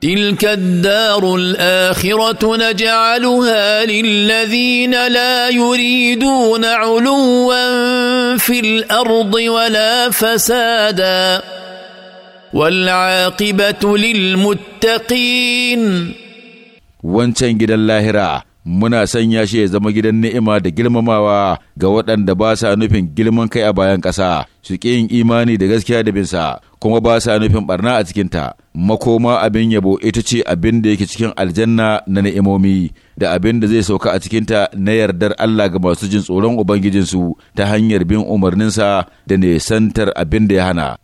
تلك الدار الاخره نجعلها للذين لا يريدون علوا في الارض ولا فسادا والعاقبه للمتقين وانتنجد الله راه muna sanya shi ya zama gidan ni'ima da girmamawa ga waɗanda ba sa nufin girman kai a bayan ƙasa su ƙi yin imani da gaskiya da binsa kuma ba sa nufin ɓarna a cikinta makoma abin yabo ita ce abin da yake cikin aljanna na ni'imomi da abin da zai sauka a cikinta na yardar Allah ga masu jin tsoron ubangijinsu ta hanyar bin umarninsa da nesantar abin da ya hana